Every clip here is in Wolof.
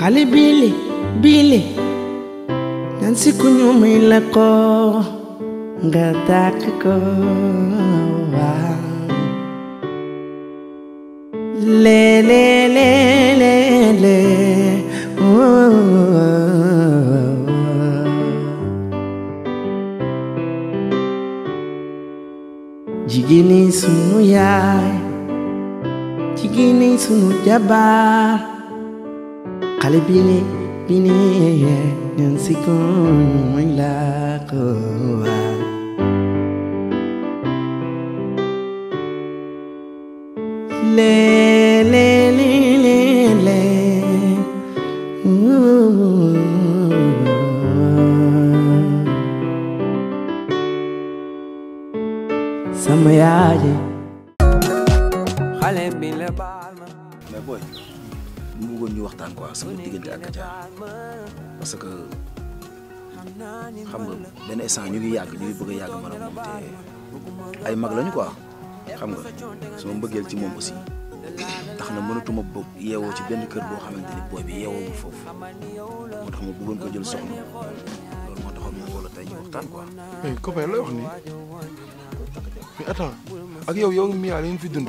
hali bili bili nansi si ku ñu may la ko nga le le le le le sunu yae jigini sunu jabaa le pine pine la la mu bëggoon ñu waxtaan quoi sama diggante ak Katia parce que xam nga benn instant ñu ngi yàgg ñu ngi bëgg a yàgg man a moom te ay mag lañu quoi xam nga sama mbëggeel ci moom aussi tax na mënatuma bëgg yeewoo ci benn kër boo xamante ni booy bi yeewoo foofu moo tax ma bëggoon ko jël soxna loolu moo taxoon ñu wala tey ñu waxtaan quoi. mais copain lay wax nii mais attends ak yow yow Mia li fi dund.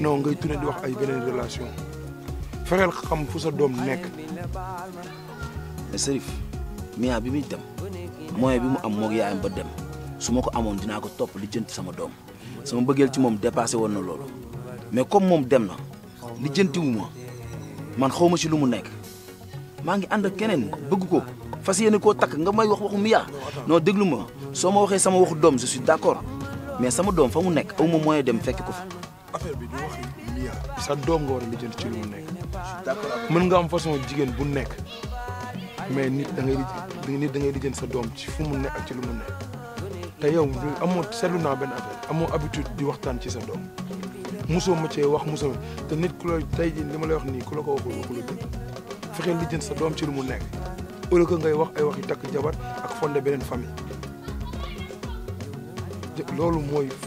non ngay tourné di wax ay beneen relation fexeel xam fu sa doom nekk. Serif Mia bi muy dem moyen bi mu am moog yaayam ba dem su ma ko amoon dinaa ko topp li jënti sama doom sama bëggeel ci moom dépassé woon na loolu mais comme moom dem na li jëntiwu ma man xaw ma ci lu mu nekk maa ngi ànd ak keneen bëgg ko fas yéene koo takk nga may wax waxu Mia non déglu ma soo ma waxee sama waxu doom je suis d'accord mais sama doom fa mu nekk aw ma dem fekk affaire bi du wax milliard sa doom nga war a lijjanti ci lu mu nekk mën nga am façon jigéen bu nekk mais nit da ngay nit da ngay lijjanti sa doom ci fu mu nekk ak ci lu mu nekk te yow amoo seetlu naa benn affaire amoo habitude di waxtaan ci sa doom musoo ma cee wax musoo te nit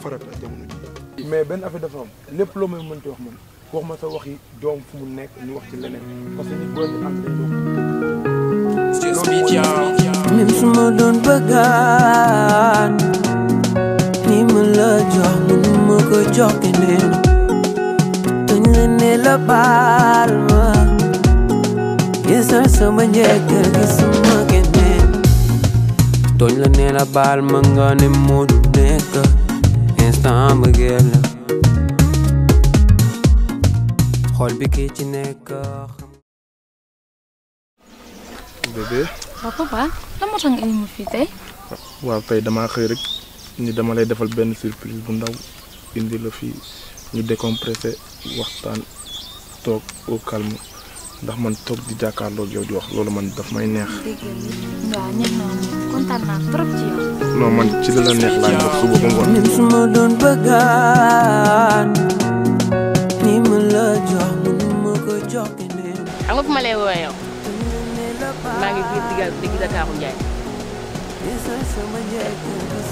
farata jamono ji mais benn affaire dafa am lépp loo may mënti wax man wax ma sa waxi doom fu mu nekk ñu wax ci leneen parce que nit boo ñu ànd loolu même su ma doon bëggaan ni ma la jox mënu ma ko jox keneen dañ la ne la baal ma gisal sama njëkkër gi sama keneen dañ la ne la baal ma nga ne moo nekk مقله bébé waaw papa lan nga rek ni dama lay defal surprise bu ndaw indi la ñu au calme ndax man tok di jàkkaarloo yow di wax loolu man daf may neex waaw neex na kontaan naa trop ci yow non man ci la la suba ba ngoon. même doon bëggaan ni ma la jox mënuma ko jox keneen. nga fu ma lay yow maa ngi biir digal digg Ndakaaru Njaay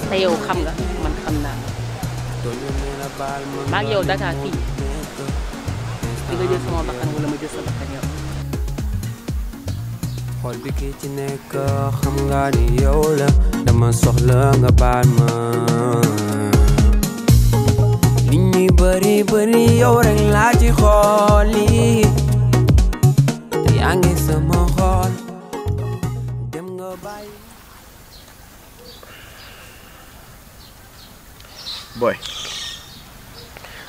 te yow xam nga man xam naa maa ngi yow Dakar fii Xool bi kii ci nek xam nga ni yow la dama soxla nga baal ma li ñuy bari bari yow rek la ci xol yi te yaa sama xol dem nga bay boy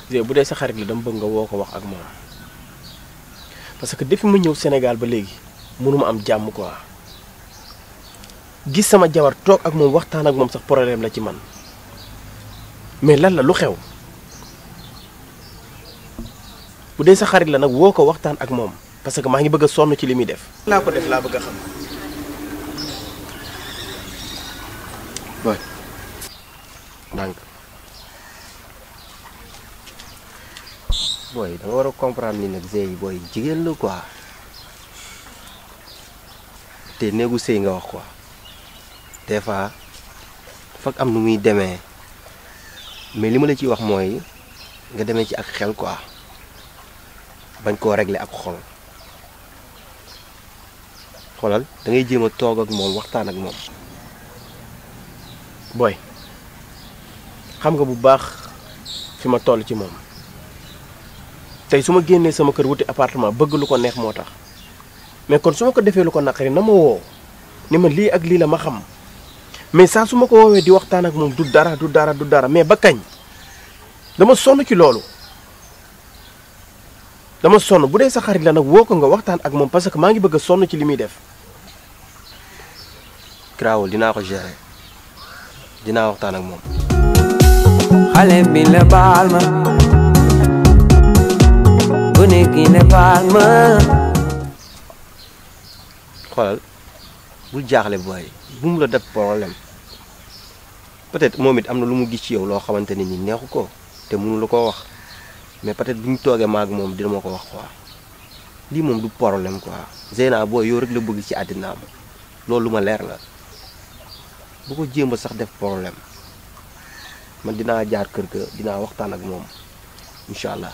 Zé bu dee sa xarit la dama bëgg nga woo ko wax ak mom parce que depuis ma ñew Sénégal ba légui mënuma am jàmm ko gis sama jabar toog ak moom waxtaan ak moom sax problème la ci man mais lan la lu xew bu dee sa xarit la nag woo ko waxtaan ak moom parce que maa ngi bëgg a sonn ci li muy def. laa ko def laa bëgg a xam. war a comprendre ni nag Zey booy jigéen la quoi. te néegu sëy nga wax ko des fois fag am nu muy demee mais li ma la ciy wax mooy nga demee ci ak xel quoi bañ koo regle ak xol xolal dangay ngay jéem a toog ak moom waxtaan ak moom. booy xam nga bu baax fi ma toll ci moom tey su ma génnee sama kër wuti appartement bëgg lu ko neex moo tax. mais kon suma ko defé lu ko nakari na ma woo ni ma li ak li la ma xam mais sa suma ko wowe di waxtan ak mom du dara du dara du dara mais ba kagn dama sonu ci lolu dama sonu budé sa xarit la nak wo ko nga waxtan ak mom parce que ma ngi bëgg sonu ci limi def. graw dina ko géré dina waxtan ak mom xalé bi la balma bu ne ki ne ma. xoolal bul jaaxle booy bu mu la def problème peut-être moom it am na lu mu gis ci yow loo xamante ne ni neexu ko te mënu la koo wax mais peut-être bu ñu toogee ak moom dina ma ko wax quoi lii moom du problème quoi Zeyna booy yow rek la bëgg ci àddinaam loolu lu ma leer la bu ko jéem a sax def problème man dinaa jaar kër ga dinaa waxtaan ak moom incha allah.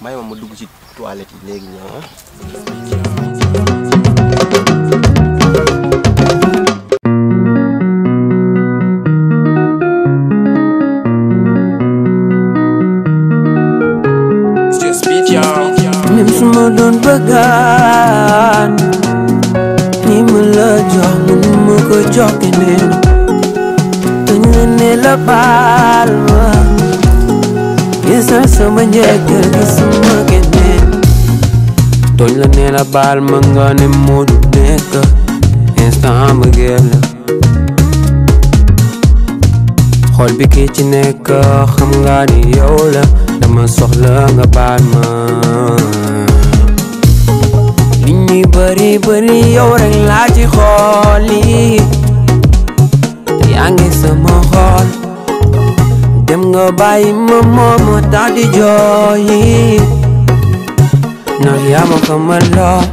may ma ma dugg ci toilette yi léegi ñëw même ah. su ma doon bëggaan ni ma la jox mënu ma ko jox keneen dañu ne la baal ma yéesal sama njëkkër gi sama génneen tooñ la ne la baal ma nga ne moo du nekk instant mbëggeel la xool bi kii ci nekk xam nga ni yow la dama soxla nga baal ma li ñuy bëri yow rek laa ci xool yi yaa sama xool bay ngobai mama mata di joyi lo yama kamala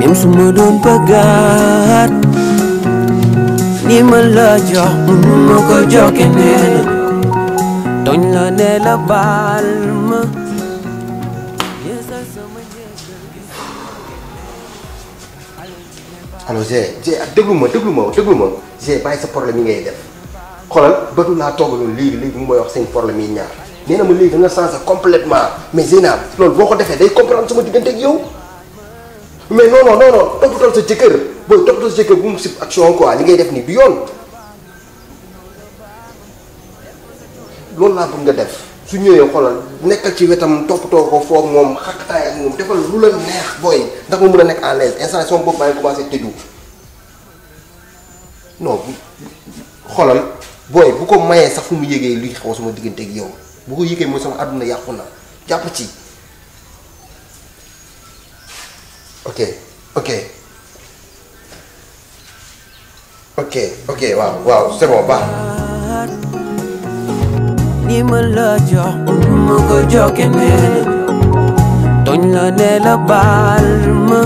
mim sumudun pagat ni malaja mo ko jokenena tonya nela balma Alo, Zé, Zé, déglu ma déglu ma déglu ma Zé bàyyi sa problème yi ngay def xoolal bëgg laa toogaloon léegi léegi mu may wax seen problème yi ñaar nee na ma léegi da nga changé complètement mais Zeynab loolu boo ko defee day comprendre sama diggante ak yow mais non non non non toppatoo sa jëkkër booy toppatoo sa jëkkër bu mu sib action li ngay def nii du yoon loolu laa bëgg nga def su ñëwee xoolal nekkal ci wetam toppatoo ko foog moom xaqtaay ak moom defal lu la neex booy ndax ma mën a nekk à l'aise instant sama bopp maa tëju non booy bu ko mayee sax fu mu yëgee luy xaw sama diggante ak yow bu ko yëgee mooy sama àdduna yàqu na jàpp ci ok ok ok ok waaw waaw c'est baax ni ma la jox ma ko joxe neen tooñ la ne la baal ma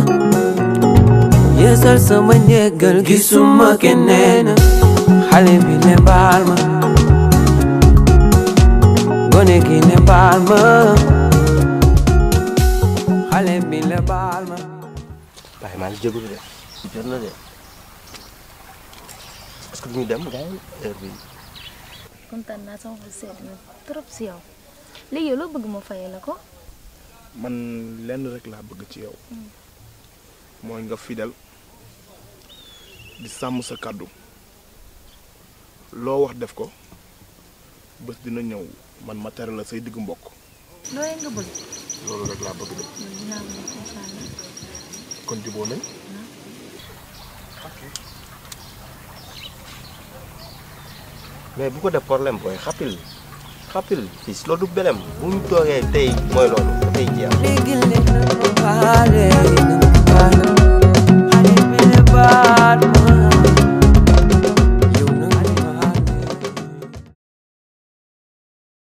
yeesal sama njëgal gisuma keneen xale bi ne baal ma gone gi ne ne de jot na de parce que duñu dem gaay heure bi kontaan naa sama na trop si yow léegi yow loo bëgg la ko man lenn rek bëgg ci yow nga fidèle di sàmm sa lo wax def ko bëss dina ñëw man ma tere la say diggu mbokk. looy nga bëgg. lolu rek la bëgg def kon di bo nañ. mais bu ko def problème boy xapil xapil fii lo du belem bu ñu toogee tay mooy loolu dafay jeex.